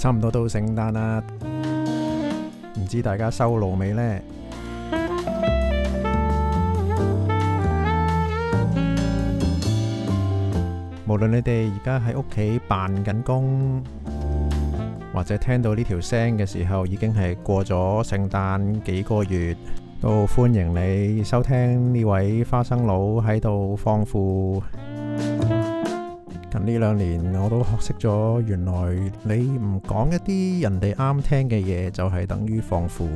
差唔多到聖誕啦，唔知大家收爐未呢？無論你哋而家喺屋企返緊工，或者聽到呢條聲嘅時候，已經係過咗聖誕幾個月，都歡迎你收聽呢位花生佬喺度放負。呢兩年我都學識咗，原來你唔講一啲人哋啱聽嘅嘢，就係等於放負，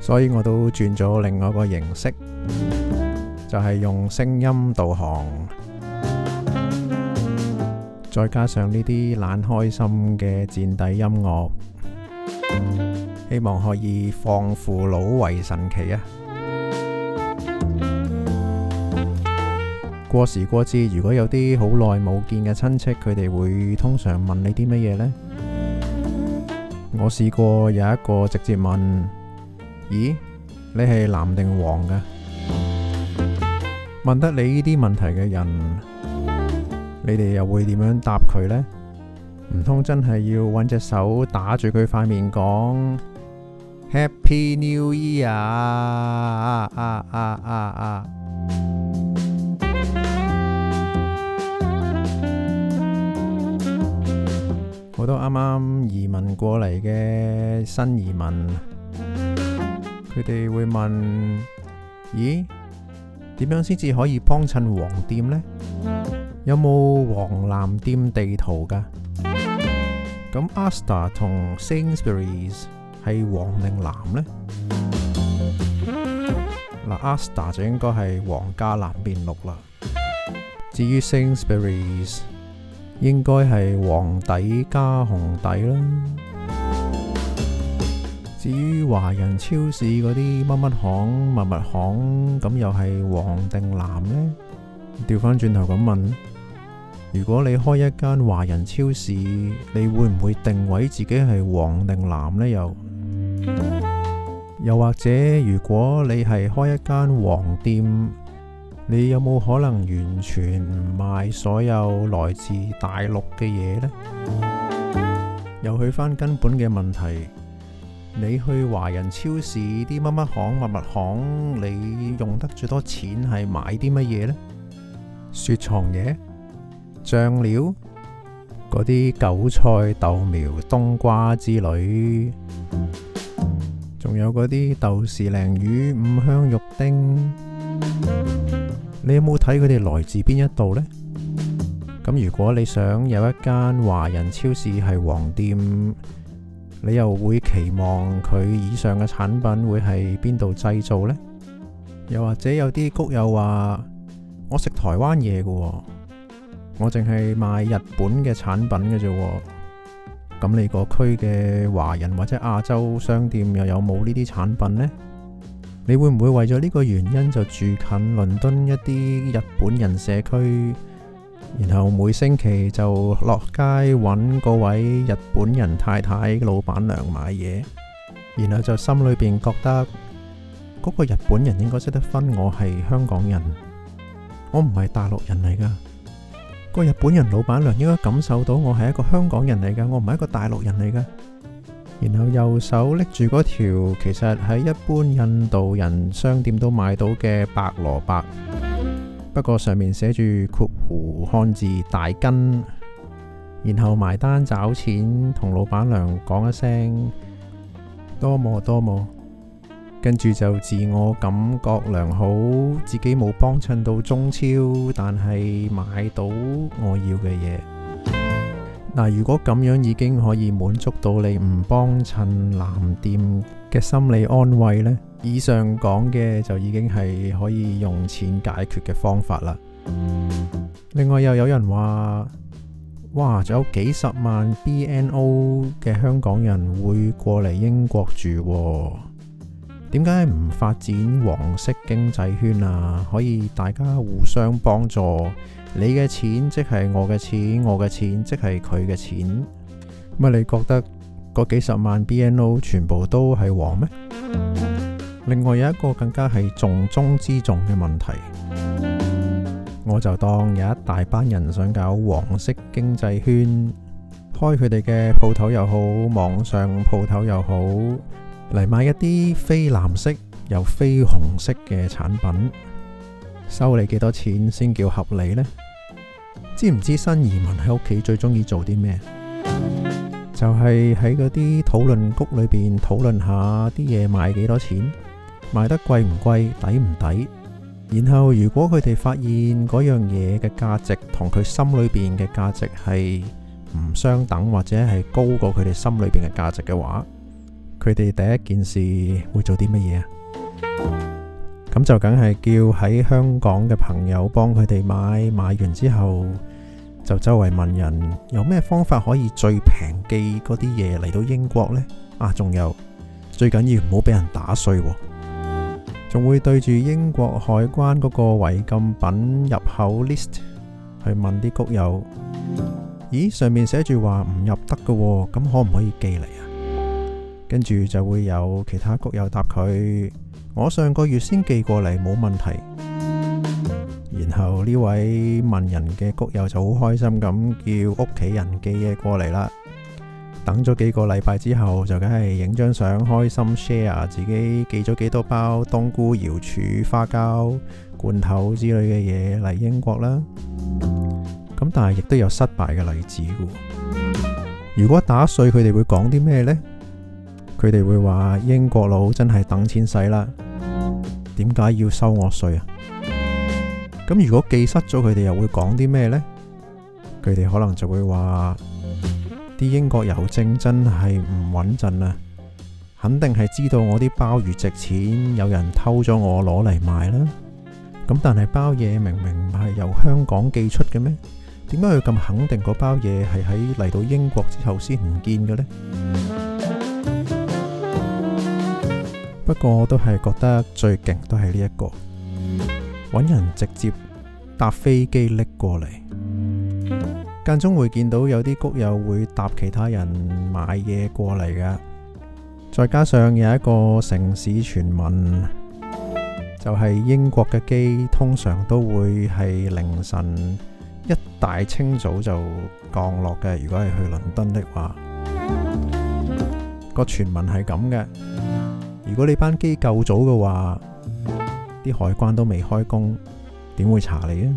所以我都轉咗另外一個形式，就係、是、用聲音導航，再加上呢啲懶開心嘅墊底音樂，希望可以放負老為神奇啊！過時過節，如果有啲好耐冇見嘅親戚，佢哋會通常問你啲乜嘢呢？我試過有一個直接問：咦，你係藍定黃㗎？問得你呢啲問題嘅人，你哋又會點樣答佢呢？唔通真係要揾隻手打住佢塊面講 Happy New Year 啊啊啊啊啊！啊啊啊！好多啱啱移民過嚟嘅新移民，佢哋會問：咦，點樣先至可以幫襯黃店呢？有冇黃藍店地圖噶？咁 Asda 同 Sainsbury's 係黃定藍咧？嗱 Asda 就應該係黃加藍變綠啦。至於 Sainsbury's。應該係黃底加紅底啦。至於華人超市嗰啲乜乜行、物物行，咁又係黃定藍呢？調翻轉頭咁問：「如果你開一間華人超市，你會唔會定位自己係黃定藍呢？」又又或者，如果你係開一間黃店？你有冇可能完全唔買所有來自大陸嘅嘢呢？又去翻根本嘅問題，你去華人超市啲乜乜行、物物行，你用得最多錢係買啲乜嘢呢？雪藏嘢、醬料、嗰啲韭菜、豆苗、冬瓜之類，仲有嗰啲豆豉鯪魚、五香肉丁。你有冇睇佢哋來自邊一度呢？咁如果你想有一間華人超市係黃店，你又會期望佢以上嘅產品會係邊度製造呢？又或者有啲谷友話我食台灣嘢嘅，我淨係賣日本嘅產品嘅啫。咁你個區嘅華人或者亞洲商店又有冇呢啲產品呢？你會唔會為咗呢個原因就住近倫敦一啲日本人社區，然後每星期就落街揾嗰位日本人太太老闆娘買嘢，然後就心裏邊覺得嗰個日本人應該識得分，我係香港人，我唔係大陸人嚟噶，個日本人老闆娘應該感受到我係一個香港人嚟噶，我唔係一個大陸人嚟噶。然後右手拎住嗰條，其實喺一般印度人商店都買到嘅白蘿蔔， 不過上面寫住括弧漢字大根。然後埋單找錢，同老闆娘講一聲多磨多磨，跟住就自我感覺良好，自己冇幫襯到中超，但係買到我要嘅嘢。嗱，如果咁樣已經可以滿足到你唔幫襯藍店嘅心理安慰呢？以上講嘅就已經係可以用錢解決嘅方法啦。另外又有人話：哇，仲有幾十萬 BNO 嘅香港人會過嚟英國住喎，啊。點解唔發展黃色經濟圈啊？可以大家互相幫助，你嘅錢即係我嘅錢，我嘅錢即係佢嘅錢。咪你覺得嗰幾十萬 BNO 全部都係黃咩？另外有一個更加係重中之重嘅問題，我就當有一大班人想搞黃色經濟圈，開佢哋嘅鋪頭又好，網上鋪頭又好。嚟買一啲非藍色又非紅色嘅產品，收你幾多錢先叫合理呢？知唔知新移民喺屋企最中意做啲咩？就係喺嗰啲討論谷裏邊討論下啲嘢賣幾多錢，賣得貴唔貴，抵唔抵？然後如果佢哋發現嗰樣嘢嘅價值同佢心裏邊嘅價值係唔相等，或者係高過佢哋心裏邊嘅價值嘅話。佢哋第一件事會做啲乜嘢啊？咁就梗係叫喺香港嘅朋友幫佢哋買，買完之後就周圍問人有咩方法可以最平寄嗰啲嘢，嚟到英國呢？啊，仲有最緊要唔好俾人打碎，仲會對住英國海關嗰個違禁品入口 list 去問啲谷友，咦，上面寫住話唔入得嘅，咁可唔可以寄嚟啊？跟住就會有其他谷友答佢，我上個月先寄過嚟冇問題。然後呢位問人嘅谷友就好開心咁，叫屋企人寄嘢過嚟啦。等咗幾個禮拜之後，就梗係影張相，開心 share 自己寄咗幾多包冬菇、瑤柱、花膠、罐頭之類嘅嘢嚟英國啦。咁但係亦都有失敗嘅例子嘅。如果打碎佢哋會講啲咩呢？佢哋會話英國佬真係等錢使啦，點解要收我稅啊？咁如果寄失咗，佢哋又會講啲咩呢？佢哋可能就會話啲英國郵政真係唔穩陣啊！肯定係知道我啲鮑魚值錢，有人偷咗我攞嚟賣啦。咁但係包嘢，明明唔係由香港寄出嘅咩？點解佢咁肯定嗰包嘢係喺嚟到英國之後先唔見嘅呢？不過我都係覺得最勁都係呢一個，搵人直接搭飛機拎過嚟。間中會見到有啲谷友會搭其他人買嘢過嚟噶，再加上有一個城市傳聞，就係英國嘅機通常都會係凌晨一大清早就降落嘅。如果係去倫敦的話，個傳聞係咁嘅。如果你班機夠早嘅話，啲海關都未開工，點會查你啊？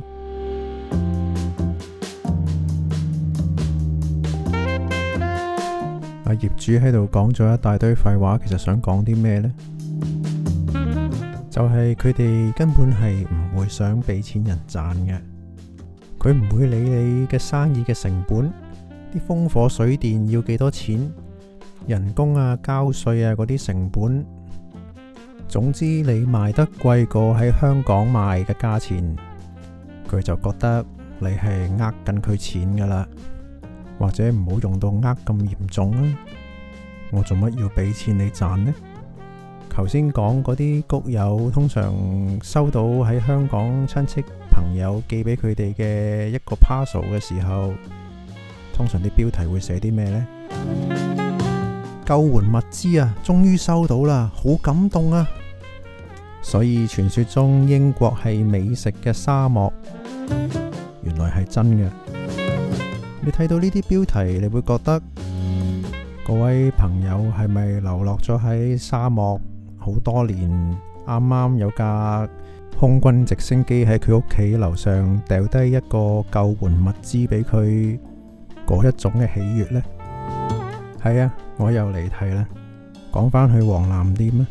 阿 頁主喺度講咗一大堆廢話，其實想講啲咩呢？就係佢哋根本係唔會想俾錢人賺嘅，佢唔會理你嘅生意嘅成本，啲風火水電要幾多錢，人工啊、交稅啊嗰啲成本。總之你賣得貴過喺香港賣嘅價錢，佢就覺得你係呃緊佢錢噶啦，或者唔好用到呃咁嚴重啊！我做乜要俾錢你賺呢？頭先講嗰啲谷友通常收到喺香港親戚朋友寄俾佢哋嘅一個 parcel 嘅時候，通常啲標題會寫啲咩呢？救援物資啊，終於收到啦，好感動啊！所以傳說中英國係美食嘅沙漠，原來係真嘅。你睇到呢啲標題，你會覺得各位朋友係咪流落咗喺沙漠好多年，啱啱有架空軍直升機喺佢屋企樓上掉低一個救援物資俾佢，嗰一種嘅喜悅呢？係啊，我又嚟睇啦，講返去黃藍店啦。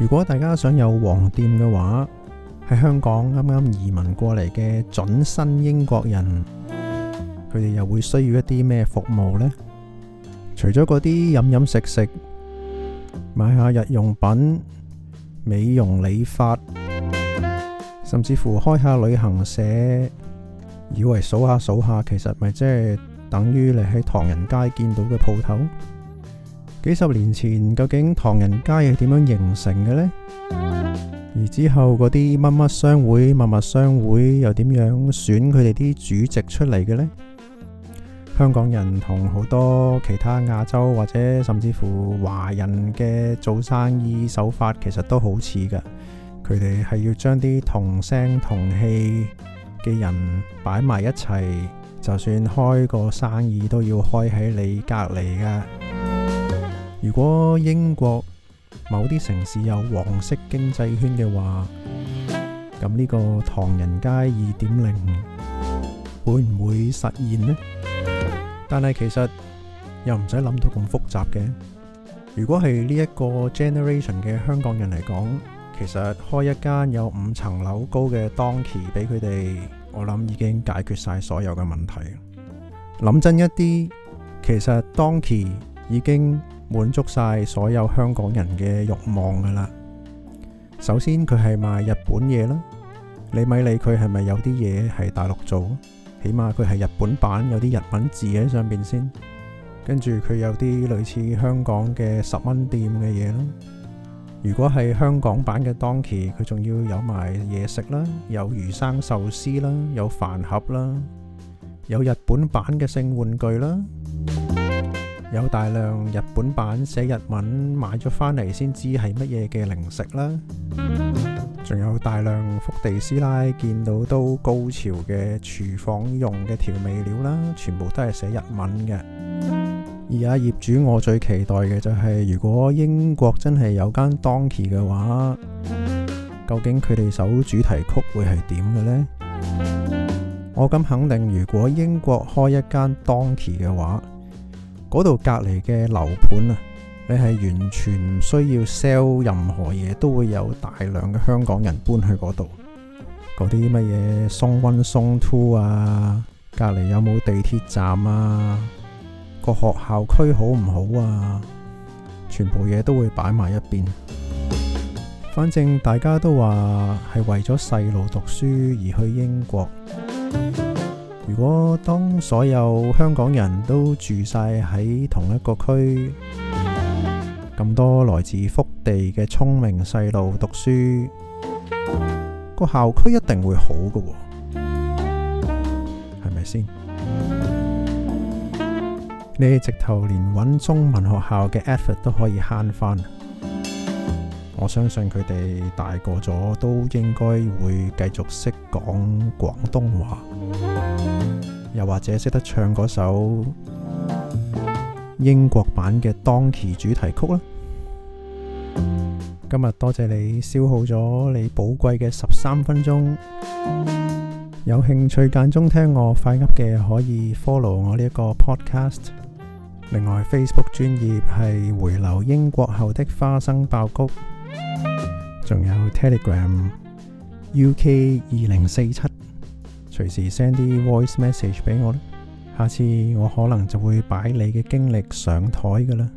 如果大家想有黃店嘅話，喺香港啱啱移民過嚟嘅準新英國人，佢哋又會需要一啲咩服務呢？除咗嗰啲飲飲食食、買下日用品、美容理髮，甚至乎開下旅行社，以為數下數下，其實咪即係等於你喺唐人街見到嘅鋪頭？幾十年前，究竟唐人街係點樣形成嘅呢？而之後嗰啲乜乜商會、乜乜商會又點樣選佢哋啲主席出嚟嘅呢？香港人同好多其他亞洲或者甚至乎華人嘅做生意手法，其實都好似噶。佢哋係要將啲同聲同氣嘅人擺埋一齊，就算開個生意都要開喺你隔籬噶。如果英國某啲城市有黃色經濟圈嘅話，咁呢個唐人街二點零會唔會實現呢？但係其實又唔使諗到咁複雜嘅。如果係呢一個 generation 嘅香港人嚟講，其實開一間有五層樓高嘅 Donkey 俾佢哋，我諗已經解決晒所有嘅問題。諗真一啲，其實 Donkey 已經。滿足晒所有香港人嘅欲望噶啦！首先佢係賣日本嘢啦，你咪理佢係咪有啲嘢係大陸做，起碼佢係日本版，有啲日文字喺上邊先。跟住佢有啲類似香港嘅十蚊店嘅嘢啦。如果係香港版嘅 Donkey，佢仲要有賣嘢食啦，有魚生壽司啦，有飯盒啦，有日本版嘅性玩具啦。有大量日本版寫日文買咗返嚟先知係乜嘢嘅零食啦，仲有大量福地師奶見到都高潮嘅廚房用嘅調味料啦，全部都係寫日文嘅。而家、啊、頁主我最期待嘅就係、是，如果英國真係有間 Donkey 嘅話，究竟佢哋首主題曲會係點嘅呢？我咁肯定，如果英國開一間 Donkey 嘅話。嗰度隔離嘅樓盤啊，你係完全唔需要 sell 任何嘢，都會有大量嘅香港人搬去嗰度。嗰啲乜嘢 zone one zone two 啊，隔離有冇地鐵站啊，個學校區好唔好啊，全部嘢都會擺埋一邊。反正大家都話係為咗細路讀書而去英國。如果當所有香港人都住晒喺同一個區，咁多來自福地嘅聰明細路讀書，個校區一定會好㗎，係咪先？你直頭連搵中文學校嘅 effort 都可以慳翻。我相信佢哋大個咗都應該會繼續識講廣東話。又或者識得唱嗰首英國版嘅《當期》主題曲啦。今日多謝你消耗咗你寶貴嘅十三分鐘。有興趣間中聽我快噏嘅，可以 follow 我呢一個 podcast。另外 Facebook 專頁係回流英國後的花生爆谷，仲有 Telegram UK 二零四七。隨時 send 啲 voice message 俾我啦，下次我可能就會擺你嘅經歷上枱㗎啦。